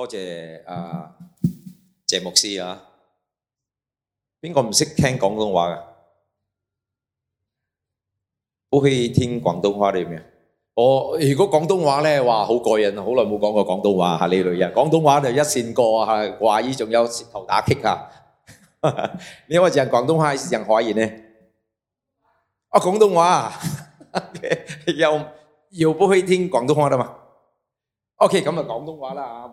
多謝啊謝牧師啊！邊個唔識聽廣東話噶？不會聽廣東話你咩？我如果廣東話咧，話好過癮，好耐冇講過廣東話吓呢類人。廣東話就一線過吓，華語仲有舌頭打擊吓。你話人廣東話係上華語咧？啊廣東話又又不會聽廣東話啦嘛？OK，咁就廣東話啦啊！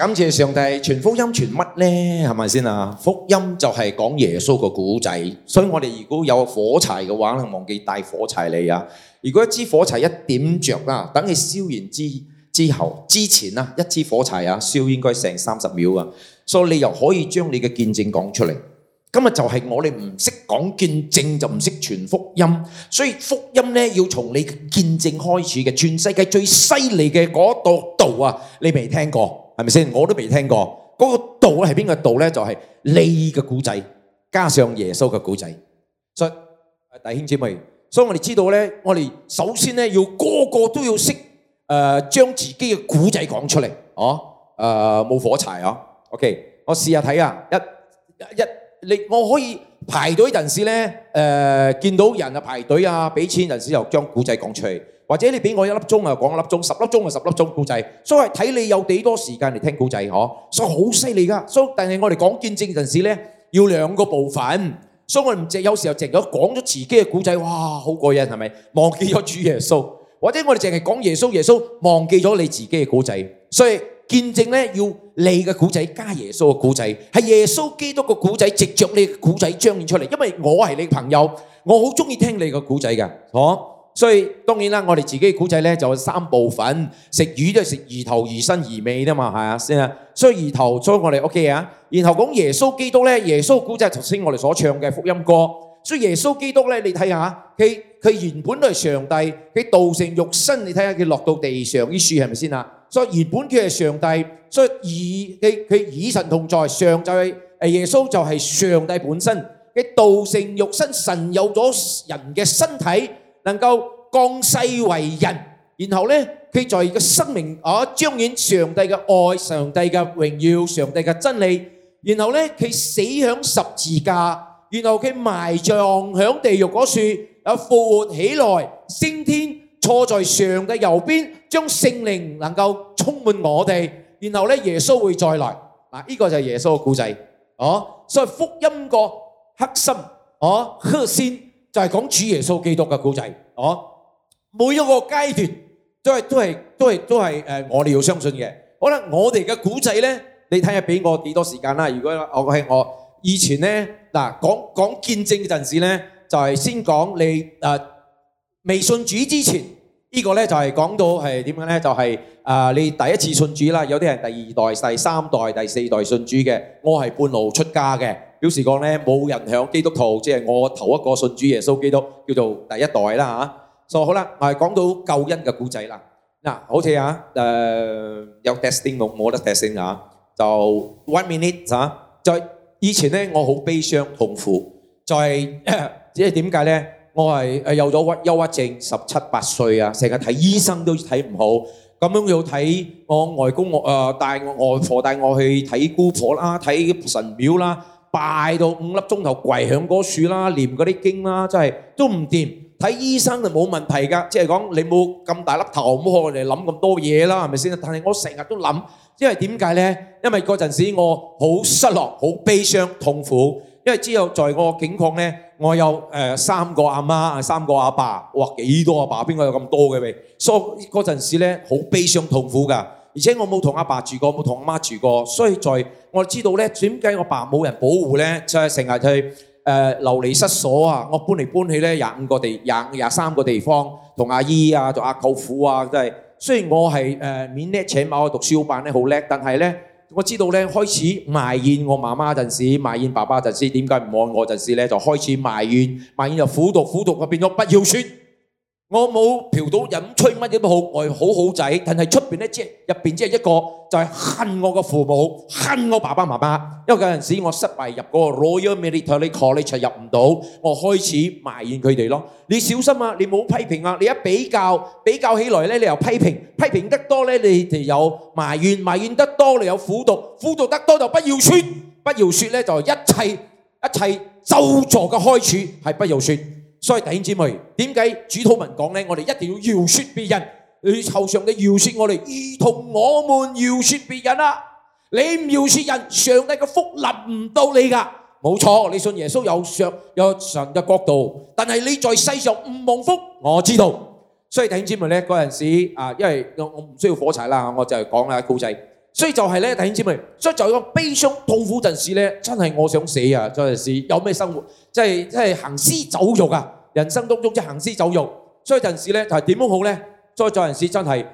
感謝上帝傳福音傳乜呢？係咪先啊？福音就係講耶穌個故仔，所以我哋如果有火柴嘅話，唔忘記帶火柴嚟啊！如果一支火柴一點着啦，等你燒完之之後，之前啊一支火柴啊燒應該成三十秒啊，所以你又可以將你嘅見證講出嚟。今日就係我哋唔識講見證就唔識傳福音，所以福音呢要從你見證開始嘅。全世界最犀利嘅嗰道道啊，你未聽過？係咪先？我都未聽過嗰個道係邊個道咧？就係你嘅古仔加上耶穌嘅古仔。所以弟兄姊妹，所以我哋知道咧，我哋首先咧要個個都要識誒，將自己嘅古仔講出嚟哦。誒，冇火柴哦。OK，我試下睇啊，一一你我可以排隊陣時咧誒，見到人啊排隊啊，俾錢陣時又將古仔講出嚟。或者你俾我一粒鐘啊，講一粒鐘，十粒鐘啊，十粒鐘故仔，所以睇你有幾多時間嚟聽故仔嗬，所以好犀利噶，所以但係我哋講見證嘅陣時咧，要兩個部分，所以我哋唔淨，有時候淨係講咗自己嘅故仔，哇，好過癮，係咪？忘記咗主耶穌，或者我哋淨係講耶穌耶穌，忘記咗你自己嘅故仔，所以見證咧要你嘅故仔加耶穌嘅故仔，係耶穌基督嘅故仔藉着你嘅故仔彰顯出嚟，因為我係你朋友，我好鍾意聽你嘅故仔嘅，嗬。所以當然啦，我哋自己嘅古仔咧就有三部分，食魚都係食魚頭、魚身、魚尾啦嘛，係啊先啊。所以魚頭坐我哋屋企啊，然後講耶穌基督咧，耶穌古仔就係頭先我哋所唱嘅福音歌。所以耶穌基督咧，你睇下，佢佢原本都係上帝，佢道成肉身。你睇下佢落到地上啲樹係咪先啊？所以原本佢係上帝，所以以佢佢與神同在，上帝誒耶穌就係上帝本身，佢道成肉身，神有咗人嘅身體。能夠降世為人，然後呢，就係講主耶穌基督嘅古仔哦，每一個階段都係都係都係都係誒，我哋要相信嘅。可能我哋嘅古仔咧，你睇下俾我幾多時間啦？如果我係我以前咧，嗱，講講見證嘅陣時咧，就係先講你誒未信主之前。呢個咧就係講到係點樣咧？就係、啊、你第一次信主啦，有啲係第二代、第三代、第四代信主嘅，我係半路出家嘅。表示講咧，冇人響基督徒，即係我頭一個信主耶穌基督，叫做第一代啦嚇，所以好啦，我係講到救恩嘅故仔啦。嗱，好似啊，誒、呃、有 so, testing 我冇得 我係誒有咗鬱憂鬱症，十七八歲啊，成日睇醫生都睇唔好，咁樣要睇我外公，我誒帶我外婆帶我去睇姑婆啦，睇神廟啦，拜到五粒鐘頭跪響嗰處啦，唸嗰啲經啦，真係都唔掂。睇醫生就冇問題㗎，即係講你冇咁大粒頭，唔好嚟諗咁多嘢啦，係咪先？但係我成日都諗，因為點解咧？因為嗰陣時我好失落、好悲傷、痛苦，因為之後在我境況咧。我有三個阿媽，三個阿爸，哇，幾多阿爸？邊個有咁多嘅？所以嗰陣時咧，好悲傷痛苦㗎。而且我冇同阿爸住過，冇同阿媽住過。所以在我知道咧，點解我爸冇人保護咧，就係成日去誒、呃、流離失所啊！我搬嚟搬去咧，廿五個地，廿廿三個地方，同阿姨啊，同阿舅父啊，即係雖然我係誒勉力請某讀書好叻，但係咧。我知道咧，開始埋怨我媽媽陣時，埋怨爸爸陣時，點解唔愛我陣時咧，就開始埋怨，埋怨就苦毒苦毒，變咗不要書。我冇嫖賭飲吹乜嘢都好，我是好好仔。但係出面咧，即係入面即係一個就係、是、恨我嘅父母，恨我爸爸媽媽。因為有陣時候我失敗入個 Royal Military College 就入唔到，我開始埋怨佢哋咯。你小心啊，你唔好批評啊。你一比較，比較起來咧，你又批評，批評得多咧，你就有埋怨，埋怨得多，你有苦毒，苦毒得多就不要說，不要說咧就一切一切造作嘅開始係不要說。所以弟兄姊妹，點解主禱文講呢？我哋一定要饒恕別人，你後上嘅饒恕我哋，如同我們饒恕別人啊！你唔饒恕人，上帝嘅福臨唔到你噶。冇錯，你信耶穌有上有神嘅國度，但係你在世上唔蒙福，我知道。所以弟兄姊妹呢，嗰陣時候、啊、因為我我唔需要火柴啦，我就講啊故仔。所以就係咧，弟兄姊妹，所以就係個悲傷痛苦陣時咧，真係我想死啊！在陣時有咩生活，即係即係行屍走肉啊！人生當中即係行屍走肉。所以陣時咧就係點樣好咧？所以在陣時真係，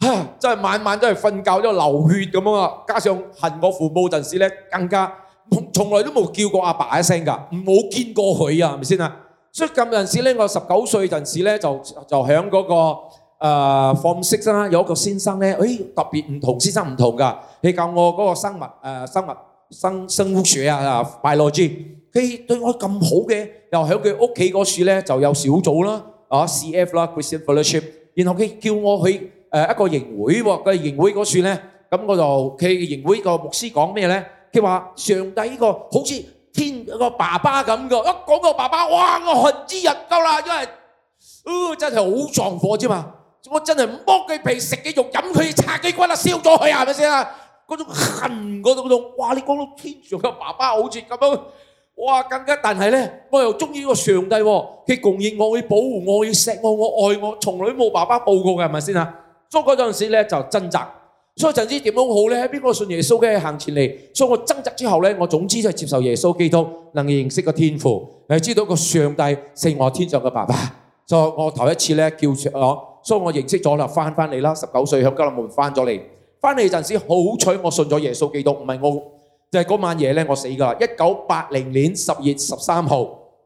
嚇！即係晚晚都係瞓覺都流血咁樣啊！加上恨我父母陣時咧更加，從從來都冇叫過阿爸一聲㗎，冇見過佢啊，係咪先啊？所以咁陣時咧，我十九歲陣時咧就就喺嗰個。誒方式啦，有一個先生咧，誒特別唔同，先生唔同噶，佢教我嗰個生物誒生物生生物學啊，biology。佢對我咁好嘅，又喺佢屋企嗰處咧就有小組啦，啊，CF 啦，Christian Fellowship。然後佢叫我去誒一個營會喎，個營會嗰處咧，咁我就佢營會個牧師講咩咧？佢話上帝呢個好似天個爸爸咁噶，一講個爸爸，哇，我恨之入骨啦，因為，啊，真係好撞火啫嘛。我真係剝佢皮、食佢肉、飲佢茶、拆佢骨啦，燒咗佢啊，係咪先啊？嗰種恨，嗰種嗰種，哇！你講到天上嘅爸爸好似咁樣，哇！更加但係咧，我又中意個上帝喎，佢供應我，要保護我，要錫我，我愛我，從來冇爸爸報過嘅係咪先啊？所以嗰陣時咧就掙扎，所以陣時點樣好咧？邊個信耶穌嘅行前嚟，所以我掙扎之後咧，我總之就接受耶穌基督，能認識個天父，你知道個上帝係我天上嘅爸爸。就我頭一次咧叫我。所以我認識咗啦，翻翻嚟啦，十九歲響嘉林門翻咗嚟，翻嚟陣時好彩我信咗耶穌基督，唔係我就係嗰晚夜咧我死㗎，一九八零年十月十三號，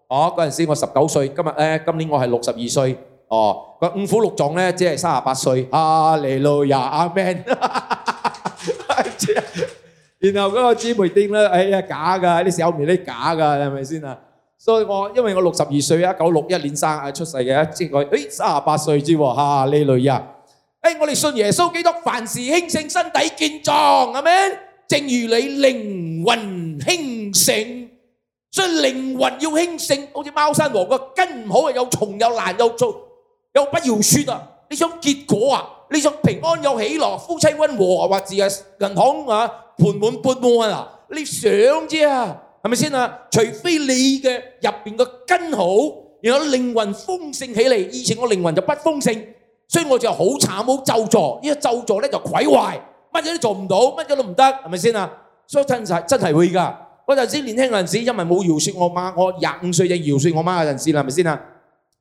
哦嗰陣時我十九歲，今日咧今年我係六十二歲，哦個五虎六壯咧即係三十八歲，阿利路亞，阿門，然後嗰個姊妹店咧，哎呀假㗎，啲小面啲假㗎，係咪先啊？所以我因為我六十二歲啊，一九六一年生啊，出世嘅，一千佢誒三十八歲之喎吓呢類人，誒我哋信耶穌基督，凡事興盛，身體健壯係咪？正如你靈魂興盛，所以靈魂要興盛，好似貓山王個根唔好啊，又蟲又爛又糟，又不要說啊，你想結果啊？你想平安又喜樂，夫妻温和，或者銀行啊盆滿缽滿啊？你想啫。係咪先啊？除非你嘅入面個根好，然後靈魂豐盛起嚟。以前我靈魂就不豐盛，所以我就好慘，好咒詛。呢個咒詛咧就毀壞，乜嘢都做唔到，乜嘢都唔得，係咪先啊？所以真係真係會噶。嗰陣時年輕嗰陣時，因為冇饒恕我媽，我廿五歲就饒恕我媽嗰陣時，係咪先啊？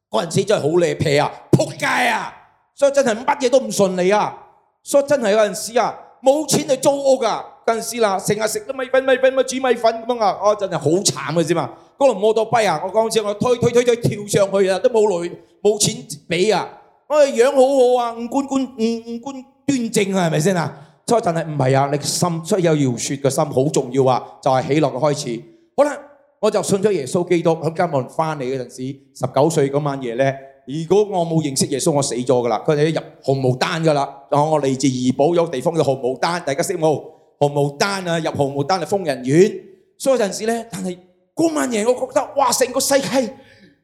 嗰陣時真係好犀利啊，撲街啊！所以真係乜嘢都唔順利啊！所以真係嗰陣時啊，冇錢去租屋噶。近視啦，成日食都米粉米粉咪煮米粉咁啊！我真係好慘嘅，知嘛？嗰個摩多跛啊！我講笑我推推推推跳上去啊！都冇女冇錢俾啊！我嘅樣好好啊，五官觀五五官端正啊，係咪先啊？即係真係唔係啊！你心即係有饒恕嘅心好重要啊！就係喜樂嘅開始。好啦，我就信咗耶穌基督喺加文翻嚟嗰陣時，十九歲嗰晚夜咧。如果我冇認識耶穌，我死咗噶啦，佢哋入紅毛丹噶啦。我嚟自怡保有地方叫紅毛丹，大家識冇？何毛丹啊，入何毛丹係瘋人院。所以嗰陣時咧，但係郭萬爺，我覺得哇，成個世界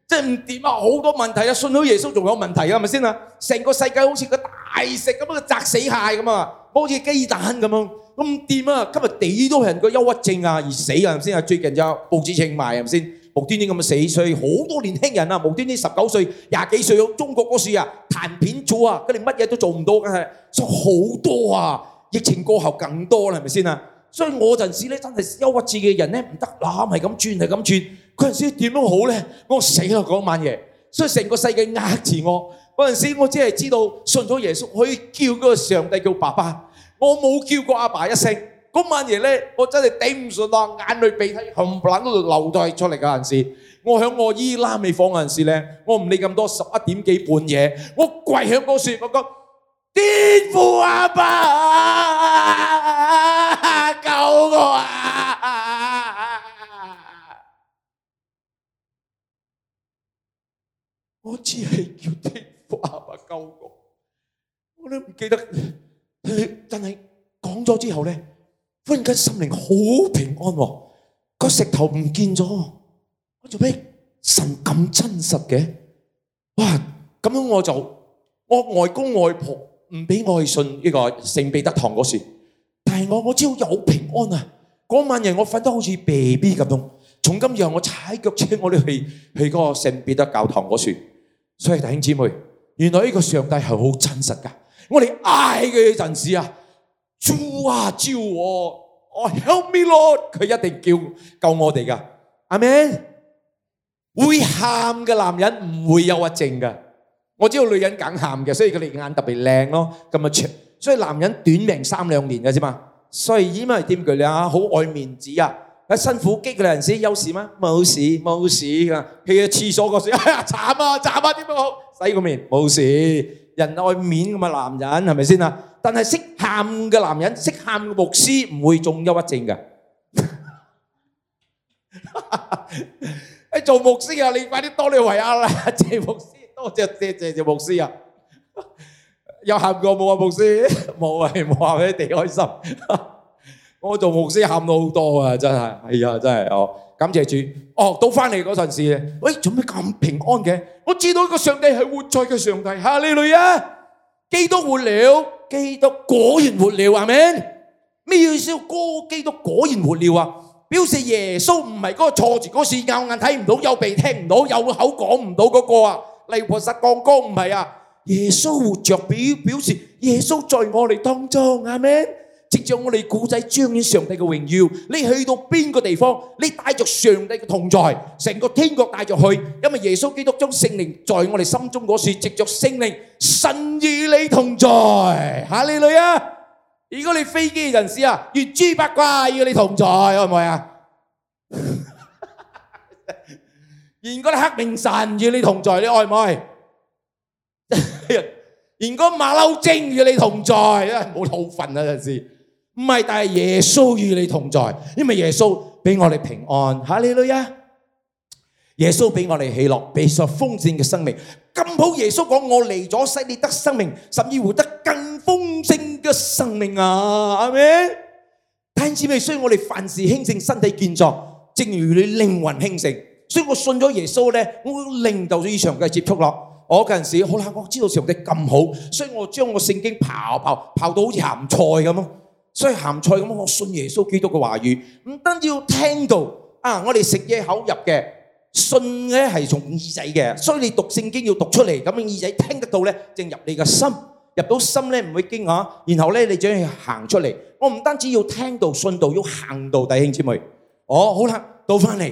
真係唔掂啊，好多問題啊，信到耶穌仲有問題啊是是，係咪先啊？成個世界好似個大石咁，個砸死蟹咁啊，好似雞蛋咁樣，唔掂啊！今日幾多人個憂鬱症啊，而死啊，係咪先啊？最近就報紙稱埋係咪先？無端端咁死，所以好多年輕人啊，無端端十九歲、廿幾歲，中國嗰時啊，彈片做啊，佢哋乜嘢都做唔到嘅，啊，所以好多啊。疫情過後更多啦，係咪先啊？所以我嗰陣時咧真係憂鬱症嘅人咧唔得，咪係咁轉係咁轉，嗰陣時點都好咧。我死啦！嗰晚夜，所以成個世界壓住我。嗰陣時我只係知道信咗耶穌可以叫嗰個上帝叫爸爸，我冇叫過阿爸一聲。嗰晚夜咧，我真係頂唔順啦，眼淚鼻涕冚唪唥喺度流晒出嚟嗰陣時，我響我姨媽嘅房嗰陣時咧，我唔理咁多，十一點幾半夜，我跪喺嗰樹，我覺。天父阿爸救我，我只係叫天父阿爸救我。我都唔記得，但係講咗之後咧，忽然間心靈好平安，個石頭唔見咗。我做咩？神咁真實嘅？哇！咁樣我就我外公外婆。唔俾我去信呢個聖彼得堂嗰處，但係我我知道有平安啊！嗰晚人，我瞓得好似 BB 咁樣，從今以後我踩腳車我都去去嗰個聖彼得教堂嗰處。所以弟兄姊妹，原來呢個上帝係好真實噶！我哋嗌佢嗰陣時啊，招啊招我，我 Help me, Lord，佢一定叫救我哋噶。阿們。會喊嘅男人唔會有憂鬱症噶。我知道女人敢喊嘅，所以佢哋眼特別靚咯，咁啊長。所以男人短命三兩年嘅啫嘛。所以依咪係點句咧啊？好愛面子啊！一辛苦激嗰陣時有事嗎？冇事冇事㗎。去咗廁所嗰時，哎呀，慘啊慘啊！點都好洗個面冇事。人愛面咁啊，男人係咪先啊？但係識喊嘅男人，識喊嘅牧師唔會中憂鬱症㗎。誒做牧師啊，你快啲多啲為阿啦謝牧師。我真係謝謝牧師啊，有喊過冇啊牧師？冇啊，冇喊得幾開心。我做牧師喊到好多啊，真係係啊，真係哦，感謝主。學到翻嚟嗰陣時，喂，做咩咁平安嘅？我知道個上帝係活在嘅上帝吓，你女啊，基督活了，基督果然活了，係咪？咩意思？哥，基督果然活了啊，表示耶穌唔係嗰個錯字，嗰次有眼睇唔到，有鼻聽唔到，有口講唔到嗰個啊。彌陀佛，金剛唔係啊！耶穌活着表，表示耶穌在我哋當中，阿們，藉着我哋古仔彰顯上帝嘅榮耀。你去到邊個地方，你帶着上帝嘅同在，成個天國帶着去。因為耶穌基督將聖靈在我哋心中嗰時，藉着聖靈神與你同在。吓你女啊！如果你飛機人士啊，月豬八怪與你同在，係咪啊？連嗰啲黑冥神與你同在，你愛唔愛？連嗰馬騮精與你同在，真係好老憤啊！真是唔係，但係耶穌與你同在，因為耶穌俾我哋平安吓你女啊！耶穌俾我哋喜樂，俾所豐盛嘅生命。咁好耶穌講：我嚟咗使你得生命，甚至活得更豐盛嘅生命啊！阿妹，但係姊妹，雖然我哋凡事興盛，身體健壯，正如你靈魂興盛。所以我信咗耶穌咧，我令到咗以上嘅接觸咯。我嗰陣時，好啦，我知道上帝咁好，所以我將我聖經刨刨刨到好似鹹菜咁咯。所以鹹菜咁，我信耶穌基督嘅話語，唔單止要聽到啊，我哋食嘢口入嘅信咧係從耳仔嘅，所以你讀聖經要讀出嚟，咁耳仔聽得到咧，正入你嘅心，入到心咧唔會驚啊。然後咧，你就要行出嚟。我唔單止要聽到信道，要行道，弟兄姊妹。哦，好啦，倒返嚟。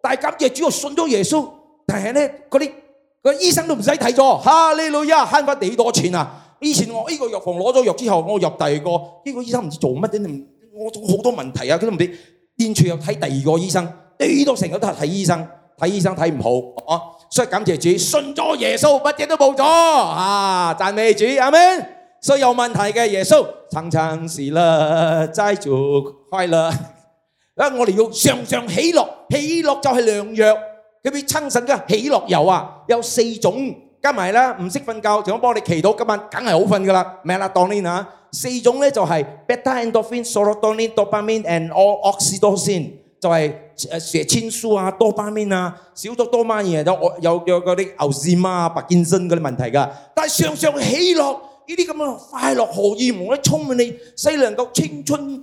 但係感謝主，我信咗耶穌，但係咧嗰啲個醫生都唔使睇咗，吓呢老友慳翻幾多錢啊！以前我呢個藥房攞咗藥之後，我入第二個呢個醫生唔知做乜嘢，我好多問題啊，佢都唔知。現場又睇第二個醫生，呢度成日都係睇醫生，睇醫生睇唔好，所以感謝主，信咗耶穌，乜嘢都冇咗啊！讚美主阿們！所有問題嘅耶穌，常常喜樂，齋主快樂。啊！我哋要常常喜樂，喜樂就係良藥。佢俾親信嘅喜樂油啊，有四種加埋啦。唔識瞓覺，就我幫你祈禱，今晚梗係好瞓噶啦。明啦，當天啊，四種咧就係 beta endorphin、serotonin、dopamine and oxytocin，就係誒血清素啊、多巴胺啊、少咗多媽嘢都我有有嗰啲牛屎媽、白漸增嗰啲問題噶。但係常常喜樂，呢啲咁啊快樂、喜悅、唔該充滿你，使人夠青春。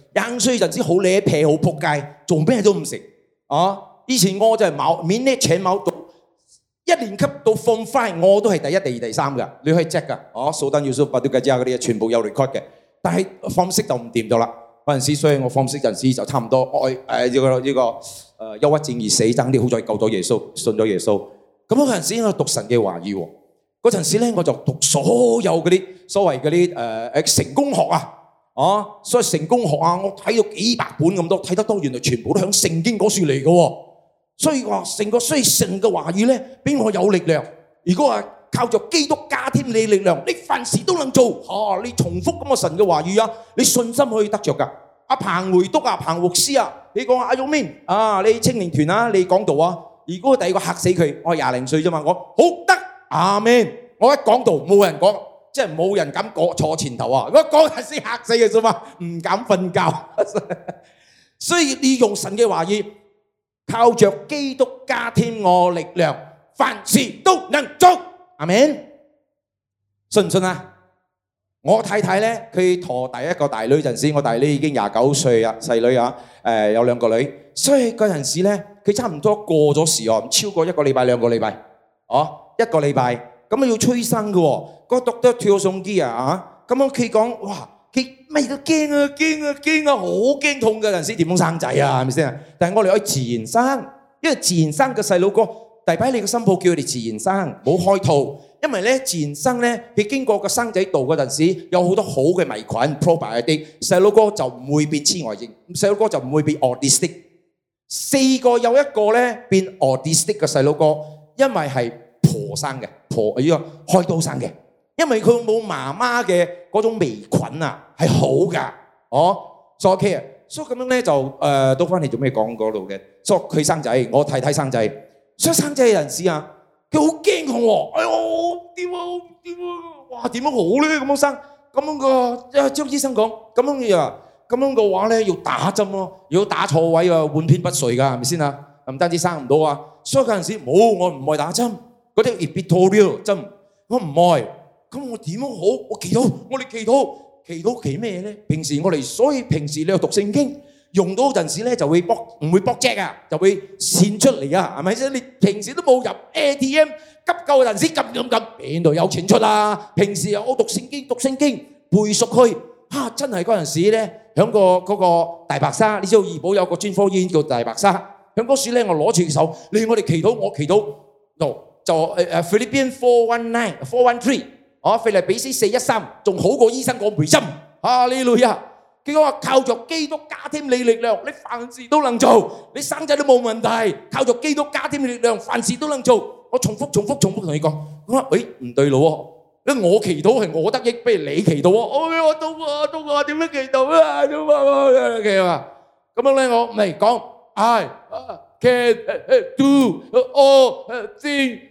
廿五就知好叻皮好扑街，做咩都唔成、啊、以前我就係冇面咧，免得請冇讀，一年級到放翻，我都係第一、第二、第三噶，你可以 check 噶，哦、啊，數單耶穌發啲計之後嗰啲全部有 record 嘅。但係方式就唔掂咗啦。嗰陣時所以我方式，識陣就差唔多愛呢、哎哎這個呢、這個誒、呃、憂鬱症而死，爭啲好在救咗耶穌，信咗耶穌。咁嗰陣時我應該讀神嘅話語，嗰陣時咧我就讀所有嗰啲所謂嗰啲成功學啊。啊，所以成功學啊，我睇咗幾百本咁多，睇得多原來全部都響聖經嗰處嚟噶，所以話成個雖然神嘅話語呢，俾我有力量。如果話靠著基督加添嘅力量，你凡事都能做。啊、你重複咁個神嘅話語啊，你信心可以得着噶。阿彭回督啊，彭牧師啊，你講阿肉面啊，你青年團啊，你講道啊。如果第二個嚇死佢，我廿零歲啫嘛，我好得，阿、啊、明，我一講道冇人講。即係冇人敢坐前頭啊！如果講下先嚇死佢啫嘛，唔敢瞓覺。所以你用神嘅話語，靠着基督加添我力量，凡事都能做。阿們，信唔信啊？我太太咧，佢陀第一個大女陣時，我大女已經廿九歲啦，細女啊，誒有兩個女，所以嗰陣時咧，佢差唔多過咗時哦，超過一個禮拜、兩個禮拜，哦，一個禮拜。咁啊要催生嘅喎，個 doctor 跳上機啊嚇！咁樣佢講，哇，佢咩都驚啊驚啊驚啊，好驚痛嘅陣時點樣生仔啊，係咪先啊？但係我哋可以自然生，因為自然生嘅細佬哥，第排你個心抱叫佢哋自然生，唔好開刀，因為咧自然生咧，佢經過個生仔道嗰陣時，有好多好嘅微生物，probiotic，啲細佬哥就唔會變痴呆症，細佬哥就唔會變 autistic。四個有一個咧變 autistic 嘅細佬哥，因為係婆生嘅。婆，依個開刀生嘅，因為佢冇媽媽嘅嗰種微菌啊，係好噶，哦，所以啊，所以咁樣咧就誒，都翻嚟做咩講嗰度嘅，所以佢生仔，我太太生仔，所以生仔嗰陣時啊，佢好驚恐喎，哎唷，點啊點啊，哇，點樣好咧咁樣生，咁樣個，張醫生講咁樣嘅啊，咁樣嘅話咧要打針咯，如果打錯位啊，半邊不遂噶，係咪先啊？唔單止生唔到啊，所以嗰陣時冇我唔愛打針。嗰啲特別妥了，真。我唔愛，咁我點樣好？我祈禱，我哋祈禱，祈禱祈咩咧？平時我哋所以平時你讀聖經，用到嗰陣時咧就會搏，唔會搏隻啊，就會閃出嚟啊，係咪先？你平時都冇入 ATM，急救嗰陣時咁等等，邊度有錢出啊？平時我讀聖經，讀聖經背熟佢，嚇真係嗰陣時咧，響個嗰個大白沙，你知道怡保有個專科醫院叫大白沙，響嗰時咧我攞住手，你我哋祈禱，我祈禱，no。就誒菲律賓 four one nine four one three 哦，菲律比斯四一三仲好過醫生講倍增啊！你女啊，佢講話靠著基督加添你力量，你凡事都能做，你生仔都冇問題。靠著基督加添力量，凡事都能做。我重複重複重複同你講，我話誒唔對路喎，我祈禱係我得益，不如你祈禱喎。哎呀，我讀我讀我點樣祈禱啊？咁樣咧，我咪講，I can do all things。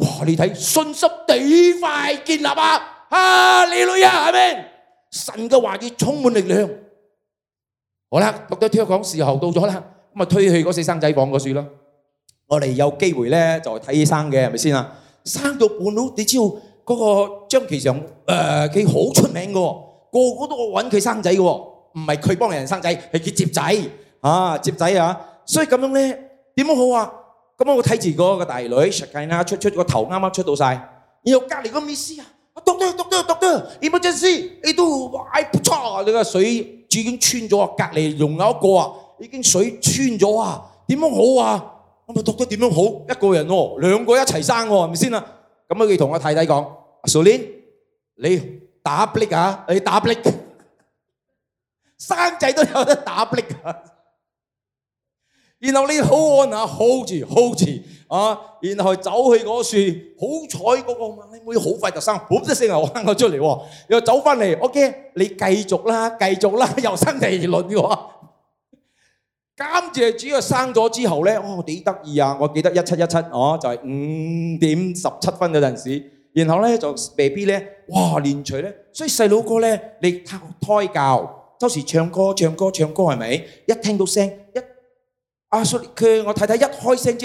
哇！你睇信心幾快建立啊！啊，你女啊，係咪？神嘅話語充滿力量。好啦，讀到聽講時候到咗啦，咁啊推去嗰四生仔房嗰處咯。我哋有機會咧就睇醫生嘅係咪先啊？生到半路，你知道嗰個張其祥誒，佢好出名嘅，個個都揾佢生仔嘅，唔係佢幫人生仔，係佢接仔啊，接仔啊。所以咁樣咧，點好啊？咁我睇住嗰個大女，設計啱出出個頭啱啱出到晒，然後隔離個 miss 啊，doctor doctor doctor emergency，你都哎擦你個水已經穿咗，隔離仲有一個啊，已經水穿咗啊，點樣好啊？我咪 doctor 點樣好？一個人喎，兩個一齊生喎，係咪先啊？咁佢同個太太講，Sonia，你打力啊，你打力，生仔都有得打力啊！然後你好按下 hold 住 hold 住啊！然後走去嗰樹，好彩嗰個嘛你妹好快就生，噗的聲又生個出嚟喎。又走翻嚟，OK，你繼續啦，繼續啦，又生第二卵嘅喎。感謝主要生咗之後咧，我幾得意啊！我記得一七一七哦，就係五點十七分嗰陣時。然後咧就 BB 咧，哇連隨咧，所以細佬哥咧，你胎教，周時唱歌唱歌唱歌係咪？一聽到聲一～啊，所以，佢，我太太一開聲，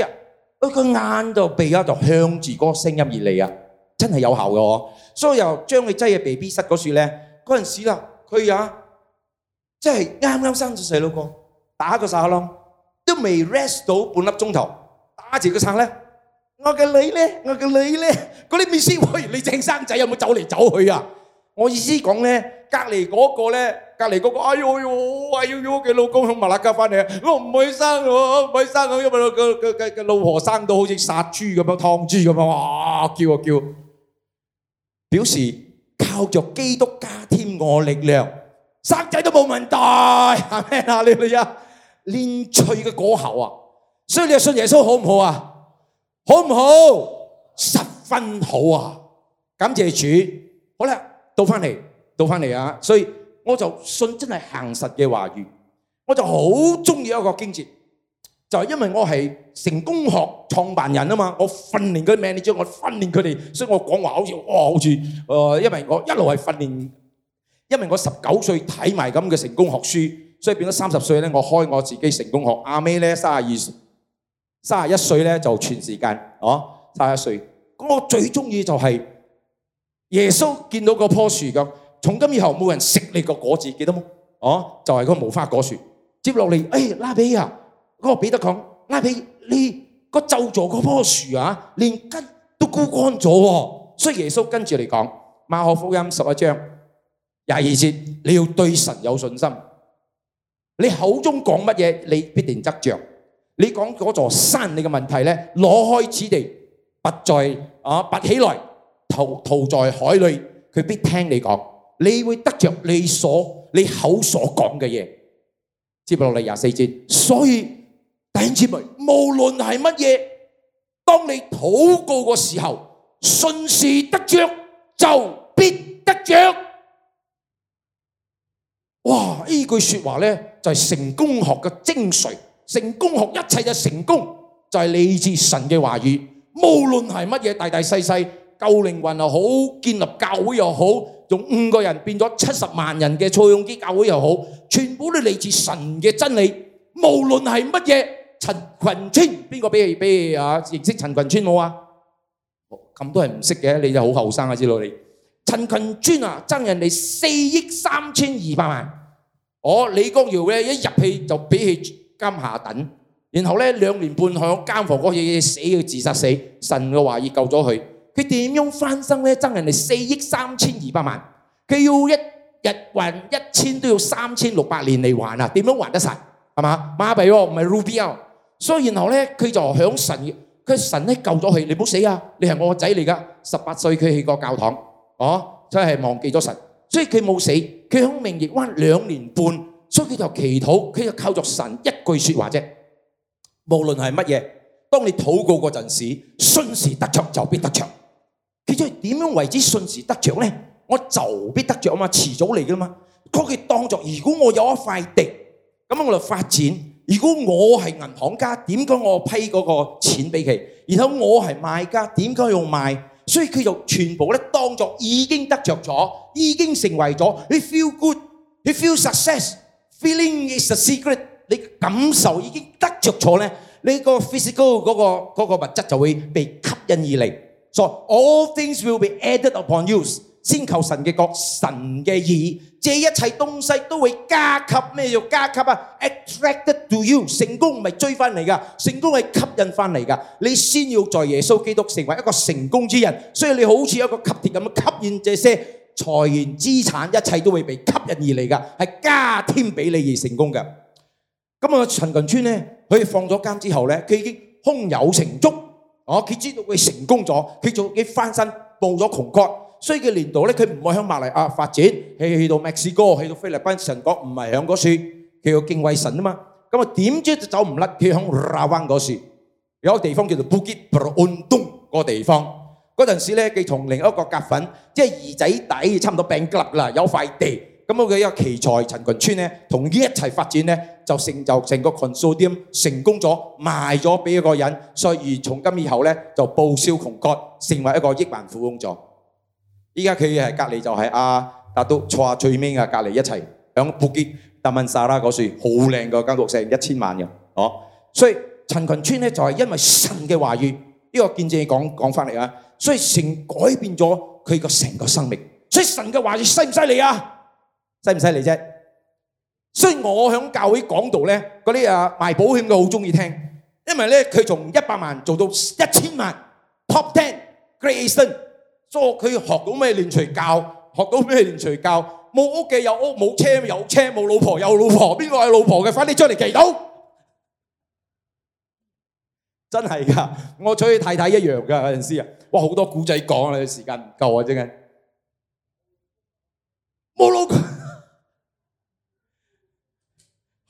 隔籬嗰個，哎呦哎呦，嘅老公響馬拉卡翻嚟，我唔會生喎，唔會生，因為佢佢佢佢老婆生到好似殺豬咁樣，劏豬咁樣，哇叫啊叫，表示靠著基督加添我力量，生仔都冇問題，係咩啊？你哋啊，練脆嘅果後啊，所以你信耶穌好唔好啊？好唔好？十分好啊！感謝主，好啦，倒翻嚟，倒翻嚟啊！所以。我就信真係行實嘅話語，我就好中意一個經節，就係因為我係成功學創辦人啊嘛，我訓練佢啲 manager 我訓練佢哋，所以我講話好似，哦，好似，誒、呃，因為我一路係訓練，因為我十九歲睇埋咁嘅成功學書，所以變咗三十歲咧，我開我自己成功學，阿妹咧三十二，三十一歲咧就全時間，哦，三十一歲，咁我最中意就係耶穌見到個棵樹咁。從今以後冇人食你個果子，記得冇？哦，就係個無花果樹。接落嚟，誒，拉比啊，嗰個彼得講，拉比，你個咒詛嗰棵樹啊，連根都枯乾咗。所以耶穌跟住嚟講，馬可福音十一章廿二節，你要對神有信心，你口中講乜嘢，你必定得着。你講嗰座山，你嘅問題咧，攞開此地拔在啊，拔起來，投投在海裏，佢必聽你講。你會得着你所你口所講嘅嘢，接落嚟廿四節。所以第二節文，無論係乜嘢，當你禱告個時候，信是得着就必得着。哇！句呢句說話咧就係、是、成功學嘅精髓。成功學一切嘅成功就係、是、嚟自神嘅話語，無論係乜嘢大大細細。救靈魂又好，建立教會又好，用五個人變咗七十萬人嘅蔡永基教會又好，全部都嚟自神嘅真理。無論係乜嘢，陳群川邊個俾你俾你啊？認識陳群川冇啊？咁都係唔識嘅，你就好後生啊！知唔知道你？陳群川啊，爭人哋四億三千二百萬。我李光耀咧一入去就俾佢監下等，然後咧兩年半響監房嗰嘢死要自殺死，神嘅話已救咗佢。佢點樣翻身咧？爭人哋四億三千二百萬，佢要一日還一千，都要三千六百年嚟還啊！點樣還得曬？係嘛？馬幣喎，唔係 Ruby 啊！所以然後咧，佢就響神，佢神咧救咗佢。你唔好死啊！你係我個仔嚟㗎，十八歲佢去過教堂，哦、啊，真係忘記咗神。所以佢冇死，佢響明月灣兩年半，所以佢就祈禱，佢就靠著神一句説話啫。無論係乜嘢，當你禱告嗰陣時，信時得著就必得著。佢要點樣為之順時得着呢？我就必得着啊嘛，遲早嚟噶嘛。當佢當作，如果我有一塊地，咁我嚟發展。如果我係銀行家，點解我批嗰個錢俾佢？然後我係賣家，點解要賣？所以佢就全部咧當作已經得着咗，已經成為咗。你 feel good, 你 feel success. Feeling is the secret。你感受已經得着咗咧，你個 physical 嗰個嗰個物質就會被吸引而嚟。所以，so，all things will be added upon you。先求神嘅國、神嘅意，這一切東西都會加及咩？叫加及啊 extracted to you，成功唔係追翻嚟噶？成功係吸引翻嚟噶。你先要在耶穌基督成為一個成功之人，所以你好似一個吸鐵咁樣吸引這些財源、資產，一切都會被吸引而嚟噶，係加添俾你而成功嘅。咁啊，陳群川咧，佢放咗監之後咧，佢已經胸有成竹。哦，佢知道佢成功咗，佢仲佢翻身報咗窮國。所以佢年度咧，佢唔會向馬來亞發展，去去到墨西哥，去到菲律賓。神國唔係響嗰處，佢要敬畏神啊嘛。咁啊點知就走唔甩，佢響拉灣嗰處，有個地方叫做布吉布魯安東嗰地方。嗰陣時咧，佢從另一個夾粉，即係耳仔底，差唔多病吉啦，有塊地。咁佢有一個奇才陳羣川咧，同佢一齊發展咧，就成就成個 consortium 成功咗，賣咗俾一個人，所以從今以後咧就報銷窮國，成為一個億萬富翁咗。依家佢係隔離就係阿達都坐喺最尾嘅隔離一齊響布吉達曼沙拉嗰度，好靚嘅間屋，成一千萬嘅哦。所以陳羣川咧就係因為神嘅話語，呢個見證講講返嚟啊，所以神改變咗佢個成個生命。所以神嘅話語犀唔犀利啊？犀唔犀利啫？所以我喺教會講道咧，嗰啲啊賣保險嘅好中意聽，因為咧佢從一百萬做到一千萬，Top Ten，Great Asian，所以佢學到咩靈粹教，學到咩靈粹教，冇屋嘅有屋，冇車有車，冇老婆有老婆，邊個有老婆嘅？快啲出嚟祈禱，真係噶！我娶嘅太太一樣噶，有陣時啊，哇好多古仔講啊，時間唔夠啊，真係冇老婆。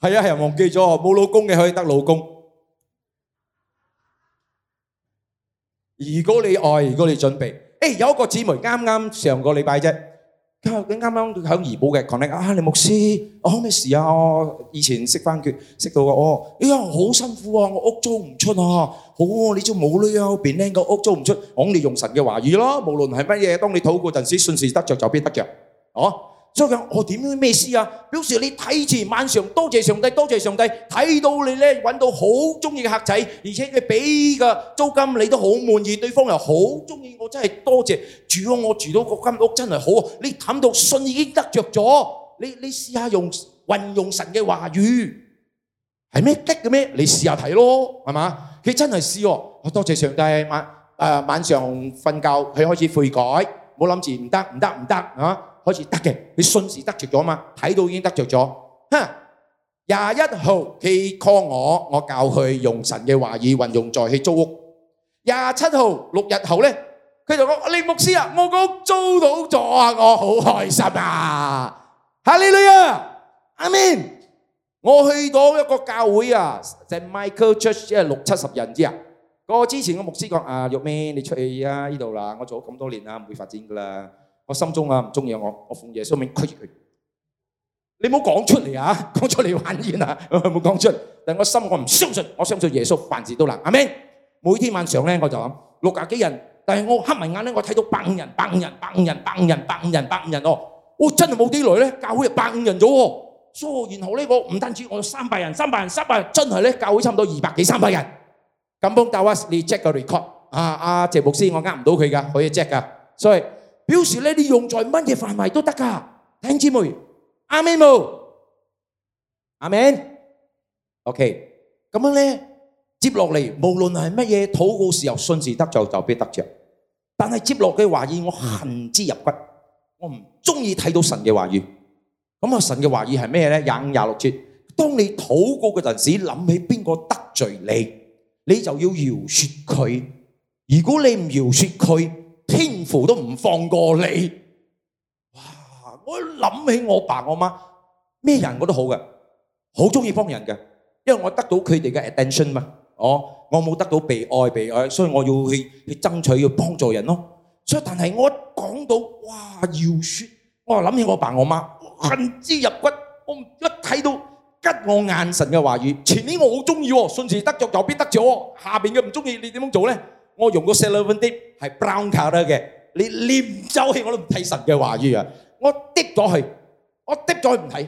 係啊，係啊忘記咗，冇老公嘅可以得老公。如果你愛，如果你準備，哎，有一個姊妹啱啱上個禮拜啫，佢啱啱響義保嘅，講你啊，你牧師，我好咩事啊？我以前識翻佢，識到個哦，哎呀，好辛苦啊，我屋租唔出啊，好，你做母女啊，邊呢個屋租唔出，我哋用神嘅話語咯，無論係乜嘢，當你禱告陣時，信是得著就必得著，哦。所以佢，我點解咩意思啊？表示你睇住晚上，多謝上帝，多謝上帝睇到你咧，揾到好中意嘅客仔，而且佢俾嘅租金你都好滿意，對方又好中意我，真係多謝主啊！我住到個間屋真係好啊！你諗到信已經得著咗，你你試下用運用神嘅話語係咩激嘅咩？你試下睇咯，係嘛？佢真係試喎，多謝上帝晚，誒晚上瞓覺佢開始悔改，冇諗住唔得唔得唔得啊！開始得嘅，你瞬時得着咗嘛？睇到已經得着咗。哼，廿一號佢 call 我，我教佢用神嘅話語運用在去租屋。廿七號六日後咧，佢就講：，你牧師啊，我個屋租到咗啊，我好開心啊！哈利里啊，阿 min，我去到一個教會啊，即係 Michael Church，即係六七十人之啊。嗰個之前個牧師講：，啊，玉 min，你出去啊？呢度啦，我做咗咁多年啦，唔會發展噶啦。我心中啊唔中意我，我奉耶穌名拒絕佢。你唔好講出嚟啊，講出嚟玩完啊，唔好講出嚟。但係我心我唔相信，我相信耶穌凡事都難，阿們。每天晚上咧，我就諗六十幾人，但係我黑埋眼咧，我睇到百五人，百五人，百五人，百五人，百五人，百五人哦。我真係冇幾耐咧，教會百五人咗。所以然後咧，我唔單止我有三百人，三百人，三百人，真係咧，教會差唔多二百幾三百人。咁幫大家你 check 個 record 啊，阿謝牧師，我呃唔到佢噶，可以 check 噶，所以。表示呢啲用在乜嘢範圍都得噶。聽姐未？阿 m 冇，阿明 o k 咁樣咧，接落嚟無論係乜嘢禱告時候，順時得就就必得着。但係接落嘅話疑我恨之入骨，我唔中意睇到神嘅話疑。咁、嗯、啊，神嘅話疑係咩咧？廿五廿六節，當你禱告嗰陣時，諗起邊個得罪你，你就要饒恕佢。如果你唔饒恕佢，天父都唔放過你，哇！我諗起我爸我媽，咩人我都好嘅，好中意幫人嘅，因為我得到佢哋嘅 attention 嘛。哦，我冇得到被愛被愛，所以我要去去爭取要幫助人咯。所以但係我講到哇，要說，我又諗起我爸我媽，恨之入骨。我一睇到吉我眼神嘅話語，前邊我好中意喎，順時得就做，偏得就喎。下邊嘅唔中意，你點樣做咧？我用個 seven 滴係 brown 卡得嘅，連念咒氣我都唔睇神嘅話語啊！我滴咗佢，我滴咗佢唔睇，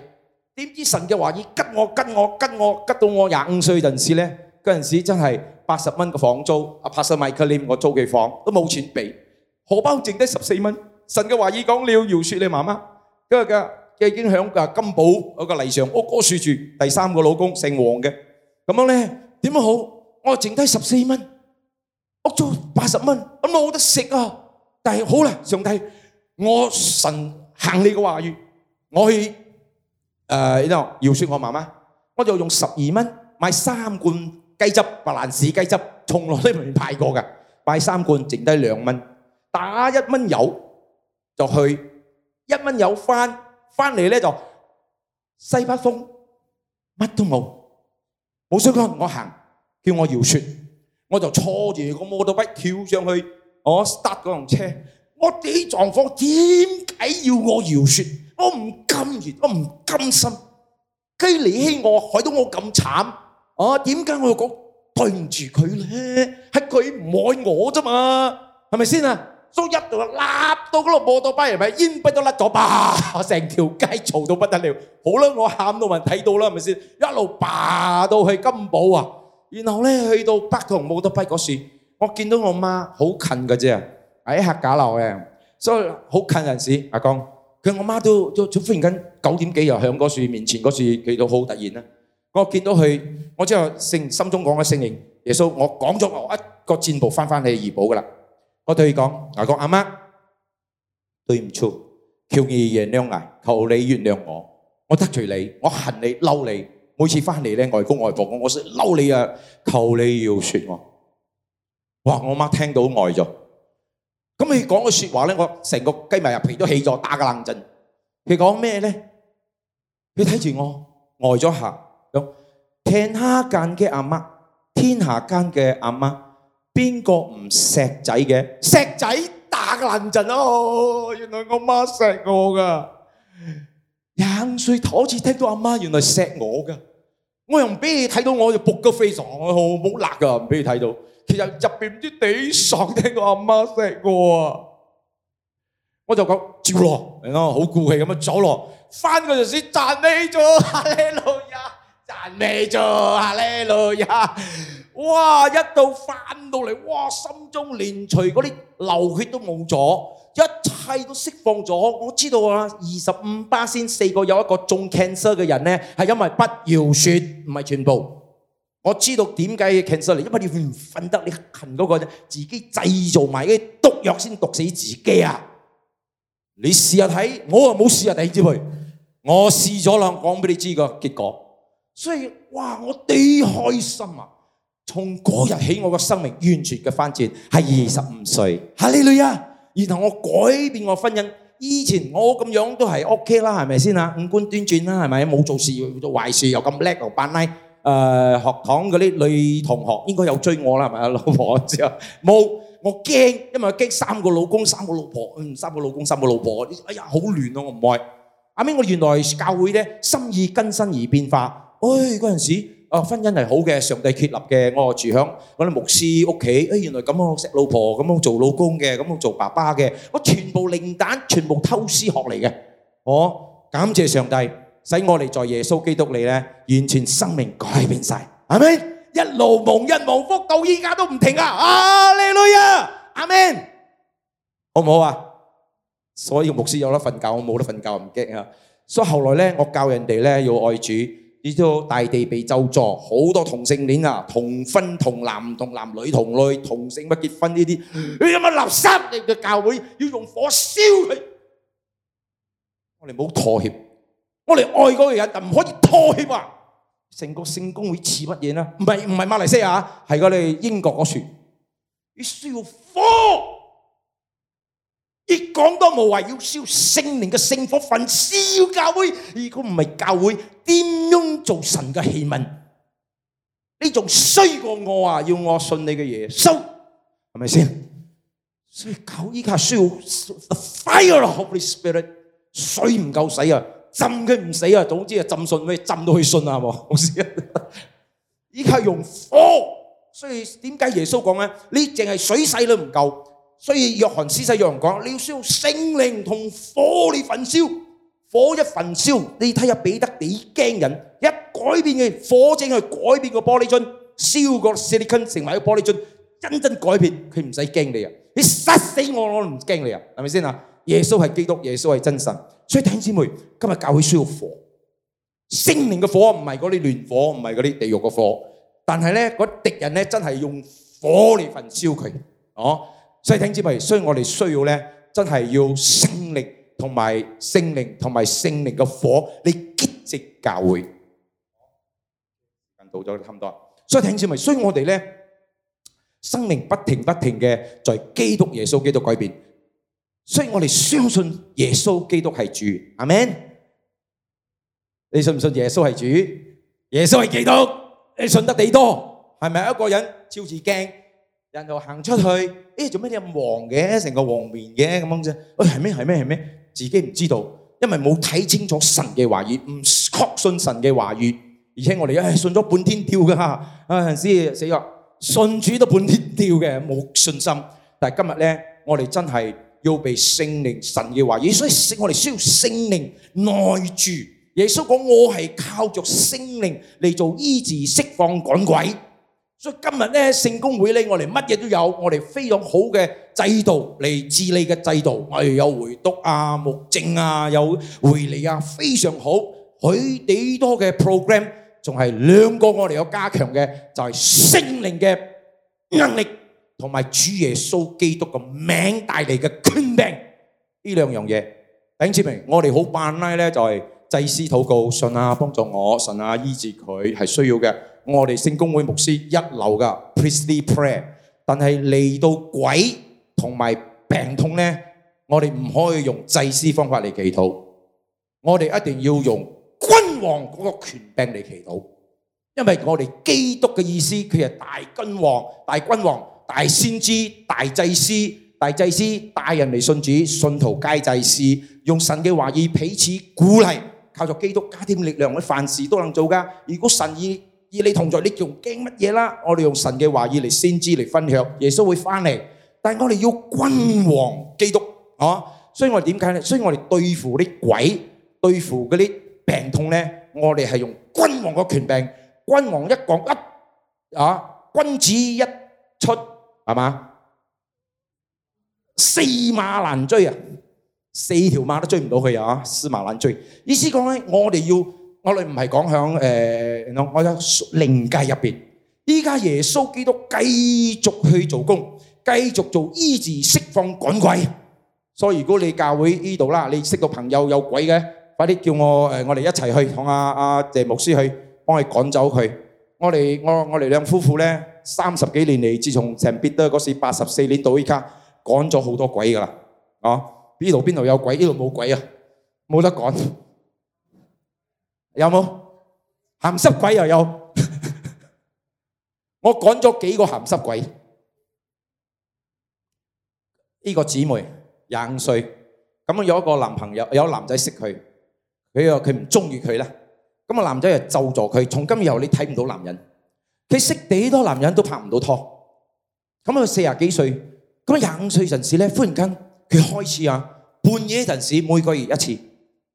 點知神嘅話語拮我、拮我、拮我，拮到我廿五歲嗰陣時咧，嗰陣時真係八十蚊嘅房租，阿帕斯麥克廉我租嘅房都冇錢俾，荷包淨低十四蚊。神嘅話語講了，你要饒恕你媽媽，跟住佢佢已經響個金寶嗰個禮上屋嗰處住，第三個老公姓黃嘅，咁樣咧點樣好？我淨低十四蚊。我做八十蚊，咁冇得食啊！但係好啦，上帝，我神行你嘅話語，我去誒度搖雪，呃、我媽媽，我就用十二蚊買三罐雞汁，白蘭氏雞汁，從來都未派過嘅，買三罐，剩低兩蚊，打一蚊油，就去一蚊油翻，翻嚟咧就西北風，乜都冇，冇相干，我行，叫我搖雪。我就坐住個摩托車跳上去，啊、我塞嗰輛車，我啲狀況，點解要我饒恕？我唔甘願，我唔甘心，佢離棄我，害到我咁慘，我點解我要講對唔住佢咧？係佢唔愛我咋嘛？係咪先啊？所以一路甩到嗰個摩托車入面，煙灰都甩咗，叭，成條街嘈到不得了。好啦，我喊到人睇到啦，係咪先？一路爬到去金寶啊！然後呢，去到北塘冇得拜嗰樹，我見到我媽好近嘅啫，喺客家樓嘅，所以好近陣時，阿公，佢我媽都都忽然間九點幾又響嗰樹面前嗰樹，佢都好突然啦。我見到佢，我之後勝心中講嘅聖言，耶穌，我講咗我，一個箭步翻返去二寶噶啦。我對佢講，阿公阿媽，對唔住，求二爺諒解，求你原諒我，我得罪你，我恨你，嬲你。每次翻嚟咧，外公外婆我我鬧你啊，求你要說我，哇！我媽聽到呆咗，咁你講個說話咧，我成個雞埋入皮都起咗，打個冷震。佢講咩咧？佢睇住我呆咗下，咁天下間嘅阿媽，天下間嘅阿媽，邊個唔錫仔嘅？錫仔打個冷震咯，原來我媽錫我噶，廿五歲頭次聽到阿媽原來錫我噶。我又唔俾你睇到，我就搏個 face，我好冇辣噶，唔俾你睇到。其實入邊唔知幾爽，聽個阿媽錫我啊，我就講照咯，嚟咯，好顧氣咁啊走咯，翻嗰陣時讚美主哈利路亞，讚美主哈利路亞。哇！一到返到嚟，哇！心中連隨嗰啲流血都冇咗，一切都釋放咗。我知道啊，二十五巴仙四個有一個中 cancer 嘅人咧，係因為不要説唔係全部。我知道點解 cancer 嚟，因為你唔瞓得你恨嗰、那個咧，自己製造埋啲毒藥先毒死自己啊！你試下睇，我又冇試下第二支杯，我試咗兩，講俾你知個結果。所以哇，我幾開心啊！從嗰日起，我個生命完全嘅翻轉，係二十五歲吓呢女啊！然後我改變我婚姻，以前我咁樣都係 O K 啦，係咪先啊？五官端正啦，係咪？冇做事做壞事又咁叻又扮拉誒，學堂嗰啲女同學應該有追我啦，係咪啊？老婆之後冇，我驚，因為我驚三個老公三個老婆，嗯，三個老公三個老婆，哎呀，好亂啊，我唔愛。後尾我原來教會咧，心意更新而變化，哎，嗰陣時。哦，婚姻係好嘅，上帝確立嘅。我住響我哋牧師屋企，誒，原來咁樣識老婆，咁樣做老公嘅，咁樣做爸爸嘅，我全部零蛋，全部偷師學嚟嘅。我感謝上帝，使我哋在耶穌基督裏咧，完全生命改變晒，係咪？一路蒙恩蒙福到依家都唔停啊！啊，靚女啊，Amen，好唔好啊？所以牧師有得瞓覺，我冇得瞓覺唔驚啊。所以後來咧，我教人哋咧要愛主。你知大地被咒詛，好多同性戀啊，同婚同男同男女同女，同性乜結婚呢啲，你有冇垃圾？你嘅教會要用火燒佢，我哋冇妥協，我哋愛嗰個人就唔可以妥協啊！成個聖公會似乜嘢呢？唔係唔係馬來西亞，係我哋英國嗰船，你需要火。你講多無謂，要燒聖靈嘅聖火，焚燒教會。如果唔係教會，點樣做神嘅器皿？你仲衰過我啊？要我信你嘅耶穌，係咪先？所以講，依家需要 fire up the spirit，水唔夠洗啊，浸佢唔死啊，總之啊，浸信咩，浸到去信啊，係冇？依家係用火，所以點解耶穌講咧？呢淨係水洗都唔夠。所以約翰施洗約翰講，你要需要聖靈同火嚟焚燒，火一焚燒，你睇下彼得幾驚人，一改變嘅火正去改變個玻璃樽，燒個 silicon 成為個玻璃樽，真正改變，佢唔使驚你啊！你殺死我，我都唔驚你啊，係咪先啊？耶穌係基督，耶穌係真神，所以弟兄姊妹，今日教會需要火，聖靈嘅火，唔係嗰啲亂火，唔係嗰啲地獄嘅火，但係咧，嗰啲敵人咧真係用火嚟焚燒佢，哦。所以停止咪，所以我哋需要咧，真係要聖靈同埋聖靈同埋聖靈嘅火，你激激教會。時間到咗差唔多，所以停止咪，所以我哋咧生命不停不停嘅在基督耶穌基督改變，所以我哋相信耶穌基督係主，阿門。你信唔信耶穌係主？耶穌係基督，你信得幾多？係咪一個人照住鏡？人就行出去，誒，做咩你咁黃嘅？成個黃面嘅咁樣啫？誒，係咩？係咩？係咩？自己唔知道，因為冇睇清楚神嘅話語，唔確信神嘅話語，而且我哋誒，信咗半天吊嘅吓，啊陣時死啦，信主都半天吊嘅，冇信心。但係今日咧，我哋真係要被聖靈神嘅話語，所以我哋需要聖靈內住。耶穌講，我係靠着聖靈嚟做醫治、釋放、趕鬼。所以今日咧聖公會咧，我哋乜嘢都有，我哋非常好嘅制度嚟治理嘅制度，我哋有回讀啊、目證啊、有回嚟啊，非常好，許多嘅 program，仲係兩個我哋有加強嘅就係聖靈嘅能力同埋主耶穌基督嘅名帶嚟嘅權柄呢兩樣嘢。頂志明，我哋好拜拉咧，就係祭司禱告，神啊幫助我，神啊醫治佢係需要嘅。我哋聖公會牧師一流噶 priestly prayer，但係嚟到鬼同埋病痛呢，我哋唔可以用祭司方法嚟祈禱，我哋一定要用君王嗰個權柄嚟祈禱，因為我哋基督嘅意思，佢係大君王、大君王、大先知、大祭司、大祭司，帶人嚟信主，信徒皆祭司，用神嘅話語彼此鼓勵，靠住基督加添力量，我凡事都能做噶。如果神以而你同在，你仲驚乜嘢啦？我哋用神嘅話語嚟先知嚟分享，耶穌會返嚟。但係我哋要君王基督啊，所以我哋點解咧？所以我哋對付啲鬼，對付嗰啲病痛咧，我哋係用君王嘅權柄。君王一講一啊，君子一出係嘛，駟馬難追啊，四條馬都追唔到佢啊，駟馬難追。意思講咧，我哋要。我哋唔係講響誒，我喺靈界入面，依家耶穌基督繼續去做工，繼續做醫治、釋放、趕鬼。所以如果你教會呢度啦，你識到朋友有鬼嘅，快啲叫我誒，我哋一齊去同阿阿謝牧師去幫佢趕走佢。我哋我我哋兩夫婦咧，三十幾年嚟，自從聖彼得嗰時八十四年到依家，趕咗好多鬼噶啦。哦，呢度邊度有鬼？呢度冇鬼啊，冇得趕。有冇咸濕鬼又有？我趕咗幾個咸濕鬼。呢個姊妹廿五歲，咁啊有一個男朋友，有男仔識佢，佢話佢唔中意佢咧。咁啊男仔又救助佢，從今以後你睇唔到男人。佢識幾多男人都拍唔到拖。咁啊四廿幾歲，咁廿五歲陣時咧，忽然間佢開始啊，半夜陣時每個月一次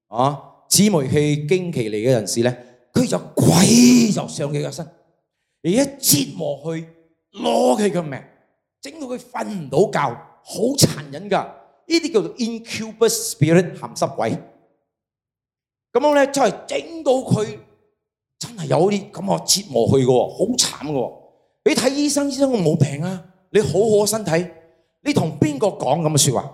啊。指煤氣驚奇離嘅人士咧，佢就鬼就上佢個身，而一折磨佢攞佢個命，整到佢瞓唔到覺，好殘忍噶！呢啲叫做 incubus spirit 鹹濕鬼。咁樣咧，就係整到佢真係有啲咁嘅折磨佢嘅，好慘嘅。你睇醫生，醫生我冇病啊，你好好身體，你同邊個講咁嘅說話？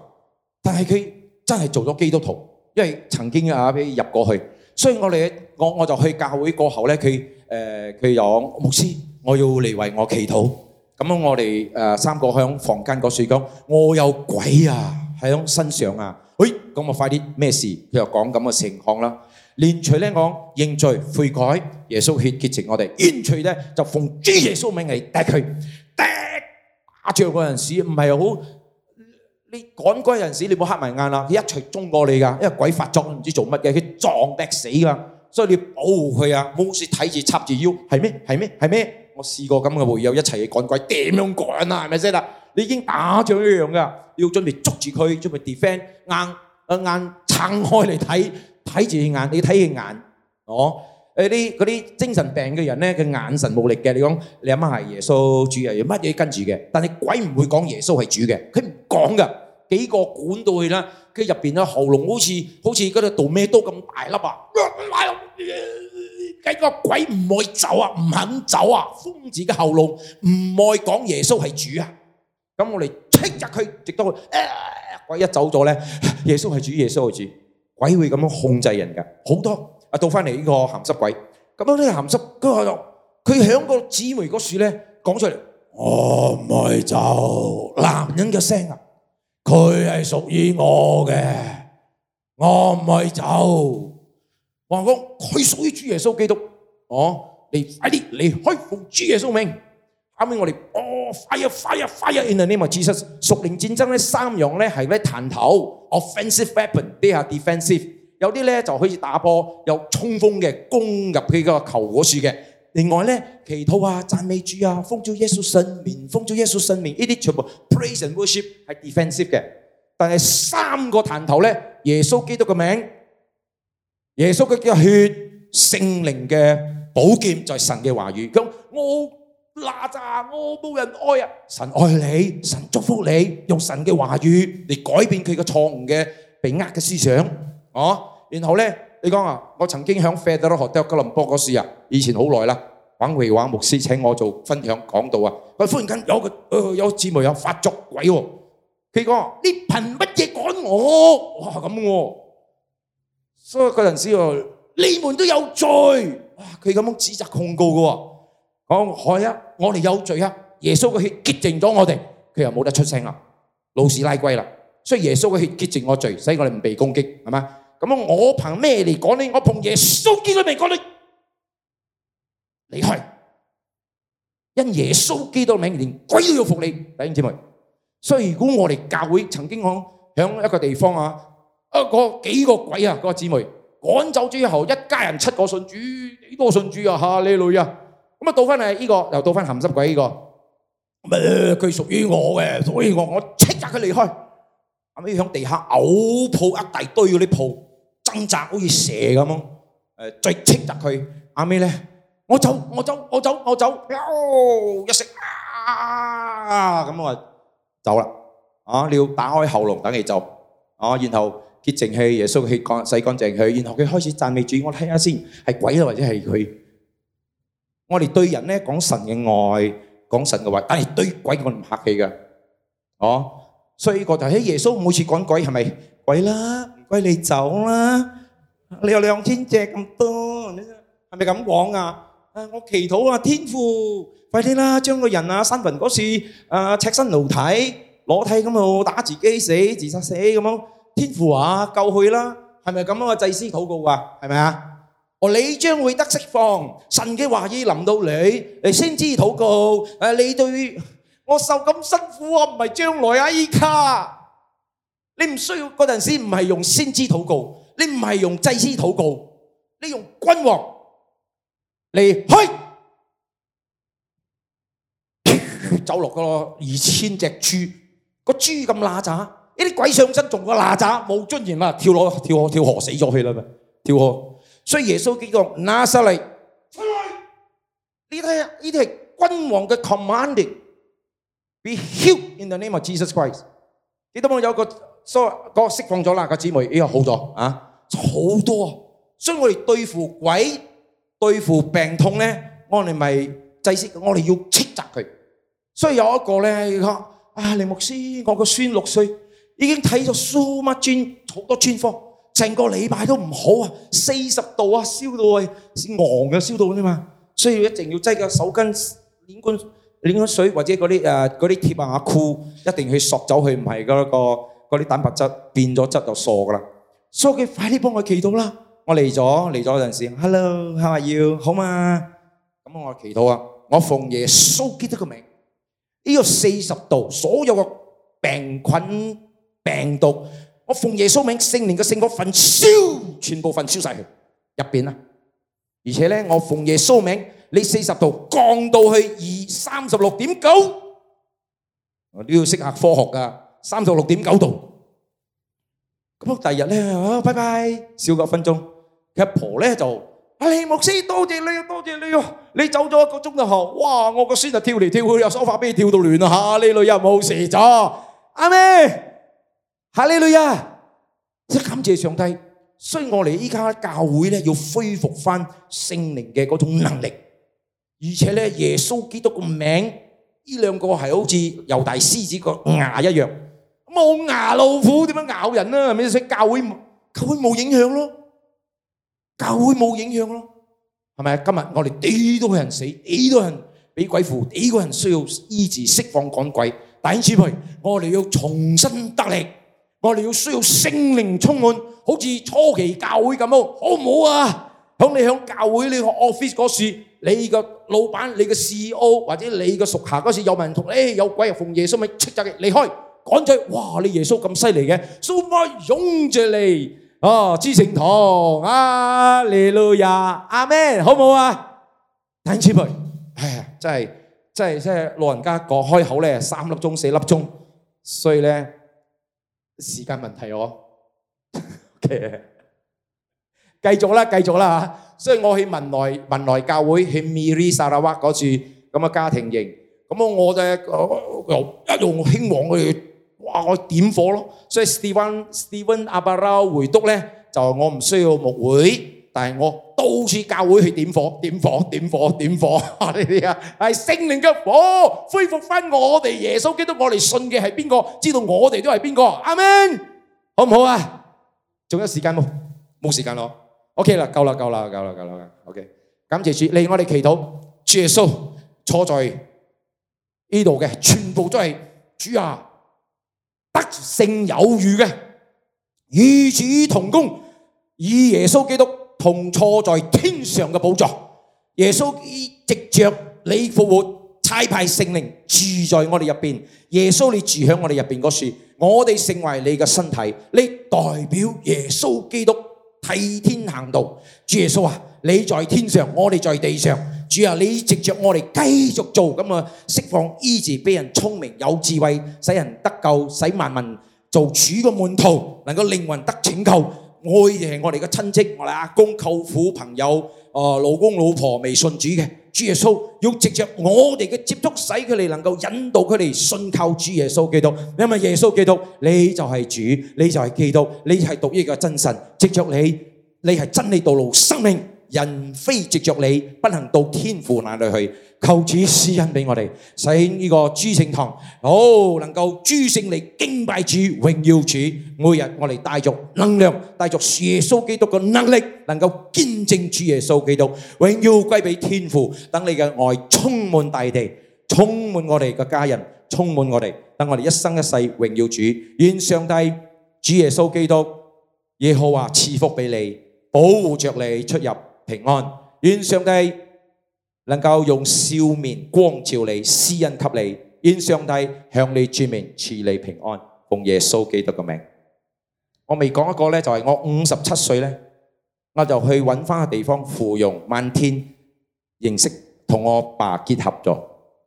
但係佢真係做咗基督徒。即係曾經啊，譬如入過去，所以我哋我我就去教會過後咧，佢誒佢講，牧師，我要嚟為我祈禱。咁樣我哋誒三個響房間嗰度講，我有鬼啊！響身上啊！喂，咁我快啲咩事？佢又講咁嘅情況啦。連隨咧，講認罪悔改，耶穌血潔淨我哋。連隨咧就奉主耶穌名嚟踢佢，踢打住嗰陣時唔係好。你趕鬼陣時，你冇黑埋眼啦，佢一齊衝過你㗎，因為鬼發作唔知做乜嘅，佢撞得死㗎，所以你要保護佢，冇事睇住，插住腰，係咩？係咩？係咩？我試過咁嘅會友，一齊去趕鬼，點樣趕呀？係咪先呀？你已經打仗一樣㗎，你要準備捉住佢，準備 defend，硬，硬，撐開嚟睇，睇住佢眼，你睇你睇佢眼，嗰啲嗰啲精神病嘅人咧，佢眼神冇力嘅。你講，你阿媽係耶穌主啊，乜嘢跟住嘅？但係鬼唔會講耶穌係主嘅，佢唔講嘅。幾個管到去啦，佢入邊咧喉嚨好似好似嗰度導咩刀咁大粒啊！幾個鬼唔會走啊，唔肯走啊，瘋子嘅喉嚨唔會講耶穌係主啊。咁我哋聽入去，直到佢鬼一走咗咧，耶穌係主，耶穌係主，鬼會咁樣控制人噶，好多。啊，到翻嚟呢個鹹濕鬼，咁樣呢個鹹濕，佢響個姊妹嗰樹咧講出嚟，我唔係走男人嘅聲啊，佢係屬於我嘅，我唔係走，我話講佢屬於主耶穌基督，哦，你快啲離開奉主耶穌命，後尾我哋哦，fire, fire, fire，in the name of Jesus，屬靈戰爭咧三樣咧係咧彈頭，offensive weapon 啲係 defensive。，有啲咧就開始打波，有衝鋒嘅攻入佢個球果樹嘅。另外咧，祈禱啊、讚美主啊、奉主耶穌聖名、奉主耶穌聖名，呢啲全部 praise and worship 係然後咧，你講啊，我曾經響費德羅學德哥倫波嗰時啊，以前好耐啦，玩繪畫牧師請我做分享講道啊。佢忽然間有個，誒，有姊妹又發作鬼喎。佢講，你憑乜嘢趕我？哇咁喎。所以嗰陣時啊，你們都有罪。哇，佢咁樣指責控告嘅。講係啊，我哋有罪啊。耶穌嘅血潔淨咗我哋，佢又冇得出聲啦，老鼠拉龜啦。所以耶穌嘅血潔淨我罪，使我哋唔被攻擊，係嘛？咁啊！我憑咩嚟趕你？我憑耶穌基督嚟趕你離開，因耶穌基督名連鬼都要服你，弟兄姊妹。所以如果我哋教會曾經響響一個地方啊，一個幾個鬼啊，嗰個姊妹趕走之後，一家人七個信主，幾多信主啊？吓呢類啊，咁啊到翻嚟呢個又到翻咸濕鬼呢個，唔係佢屬於我嘅，所以我我叱責佢離開，後尾響地下嘔鋪一大堆嗰啲鋪。掙扎，好似蛇咁樣，誒，再斥責佢，後尾咧？我走，我走，我走，我走，一聲啊，咁我走啦，啊，你要打開喉嚨等你走，啊，然後潔淨氣，耶穌嘅氣洗乾淨氣，然後佢開始讚美主，我睇下先，係鬼啦，或者係佢，我哋對人咧講神嘅愛，講神嘅話，但係對鬼我唔客氣噶，哦，所以個就，誒，耶穌每次講鬼係咪？鬼啦。喂，你走啦！你有兩千隻咁多，係咪咁講啊？我祈禱啊，天父，快啲啦，將個人啊、身份嗰次啊，赤身露體、裸體咁啊，打自己死、自殺死咁咯。天父啊，救佢啦！係咪咁樣嘅祭司禱告啊？係咪啊？哦，你將會得釋放，神嘅話語臨到你，你先知禱告。誒，你對我受咁辛苦啊，唔係將來啊，依家。你唔需要嗰陣時唔係用先知禱告，你唔係用祭司禱告，你用君王嚟去，走落個二千隻豬，個豬咁乸渣，呢啲鬼上身仲個乸渣冇尊嚴啦，跳落跳河跳河死咗去啦，跳河。所以耶穌基督拿晒嚟，你睇下，呢啲係君王嘅 commanding，Be healed in the name of Jesus Christ。你都冇有一個。所以嗰個釋放咗啦，個姊妹依個好咗啊，好多。所以我哋對付鬼、對付病痛咧，我哋咪制止，我哋要斥責佢。所以有一個咧，佢講啊，林牧師，我個孫六歲已經睇咗數乜專好多專科，成個禮拜都唔好啊，四十度啊，燒到去，癢嘅，燒到嗰啲嘛，所以一定要擠個手巾、拎個拎個水或者嗰啲誒嗰啲貼啊箍，一定去索走佢唔係嗰個。嗰啲蛋白質變咗質就傻噶啦！蘇基，快啲幫我祈禱啦！我嚟咗嚟咗嗰陣時，hello，how are you？好嘛，咁我祈禱啊！我奉耶穌基督嘅名，呢個四十度所有個病菌病毒，我奉耶穌名，聖靈嘅聖果焚燒，全部焚燒晒佢入邊啦！而且咧，我奉耶穌名，你四十度降到去二三十六點九，我都要適合科學噶。三十六點九度，咁第日咧，啊，拜拜，少咗分鐘。佢阿婆咧就阿李牧師，多謝你，多謝你，你走咗一個鐘嘅學，哇，我個孫就跳嚟跳去，又手發痹，跳到亂下呢女又冇事咗。阿咩，吓呢女啊，真感謝上帝。所以我哋依家教會咧要恢復翻聖靈嘅嗰種能力，而且咧耶穌基督個名，呢兩個係好似猶大獅子個牙一樣。冇牙老虎點樣咬人啊？咩事？教會教會冇影響咯，教會冇影響咯，係咪？今日我哋幾多人死，幾多人俾鬼附，幾個人需要醫治釋放趕鬼。第二次培，我哋要重新得力，我哋要需要聖靈充滿，好似初期教會咁樣，好唔好啊？響你響教會你 office 嗰時，你個老闆、你個 CEO 或者你個屬下嗰時有冇人同你，誒有鬼入奉耶穌咪斥責佢離開。趕出哇！你耶穌咁犀利嘅，數波湧著嚟啊！知聖堂啊，耶路亞阿門，好唔好啊？等住佢，唉，真係真係真係老人家講開口咧，三粒鐘四粒鐘，所以咧時間問題哦。OK，繼續啦，繼續啦嚇。所以我去文萊文萊教會去 Miri Sarawak 嗰次咁啊家庭型，咁啊我就又一路興旺去。哇！我點火咯，所以 Stephen Stephen 阿伯佬回督咧，就我唔需要牧會，但係我到處教會去點火、點火、點火、點火你哋啊，係聖靈嘅火，恢復翻我哋耶穌基督，我哋信嘅係邊個？知道我哋都係邊個？阿們，好唔好啊？仲有時間冇？冇時間咯。OK 啦，夠啦，夠啦，夠啦，夠啦。OK，感謝主，嚟我哋祈禱，主耶穌坐在呢度嘅全部都係主啊！得勝有餘嘅與主同工，與耶穌基督同坐在天上嘅寶座。耶穌藉着你復活差派聖靈住在我哋入邊。耶穌，你住響我哋入邊嗰時，我哋成為你嘅身體，你代表耶穌基督替天行道。主耶穌啊，你在天上，我哋在地上。主啊！你藉着我哋繼續做咁啊，釋放醫治，俾人聰明有智慧，使人得救，使萬民做主嘅門徒，能夠靈魂得拯救。我哋係我哋嘅親戚，我哋阿公、舅父、朋友、啊老公、老婆，未信主嘅。主耶穌要藉着我哋嘅接觸，使佢哋能夠引導佢哋信靠主耶穌基督。因為耶穌基督，你就係主，你就係基督，你係獨一嘅真神。藉着你，你係真理道路，生命。人非藉著你，不能到天父那裏去。求主施恩俾我哋，使呢個諸聖堂好能夠諸聖禮敬拜主，榮耀主。每日我哋帶著能量，帶著耶穌基督嘅能力，能夠見證主耶穌基督，榮耀歸俾天父。等你嘅愛充滿大地，充滿我哋嘅家人，充滿我哋。等我哋一生一世榮耀主。願上帝主耶穌基督耶和華賜福俾你，保護著你出入。平安，願上帝能夠用笑面光照你，施恩給你。願上帝向你仰面賜你平安，奉耶穌基督嘅名。我未講一個咧，就係我五十七歲咧，我就去搵翻個地方芙蓉萬天認識，同我爸結合咗，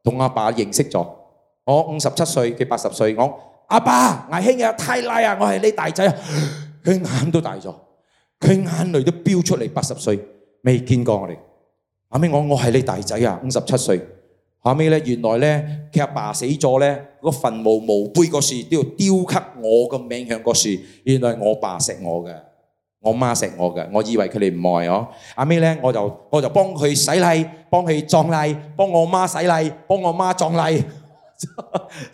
同阿爸認識咗。我五十七歲，佢八十歲，我阿爸阿兄啊、太奶啊，我係你大仔啊，佢眼都大咗，佢眼淚都飆出嚟，八十歲。未見過我哋，阿尾我我講係你大仔啊，五十七歲。阿尾咧，原來咧，佢阿爸，爸死咗咧，個墳墓墓碑個樹都要雕刻我個名響個樹。原來我爸錫我嘅，我媽錫我嘅，我以為佢哋唔愛哦。阿尾咧，我就我就幫佢洗禮，幫佢葬禮，幫我媽洗禮，幫我媽葬禮。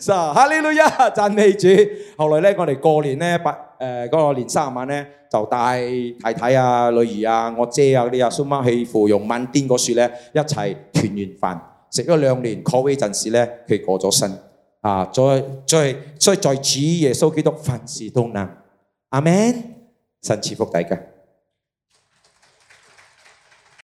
哈， 哈利路亞，贊美主。後來咧，我哋過年咧八。誒嗰、呃那個年三十晚咧，就帶太太啊、女兒啊、我姐啊嗰啲啊，蘇媽去芙蓉萬甸個雪咧一齊團圓飯。食咗兩年，Covid 陣時咧，佢過咗身。啊，再再所以，在主耶穌基督凡事都能。阿門，神祝福大家。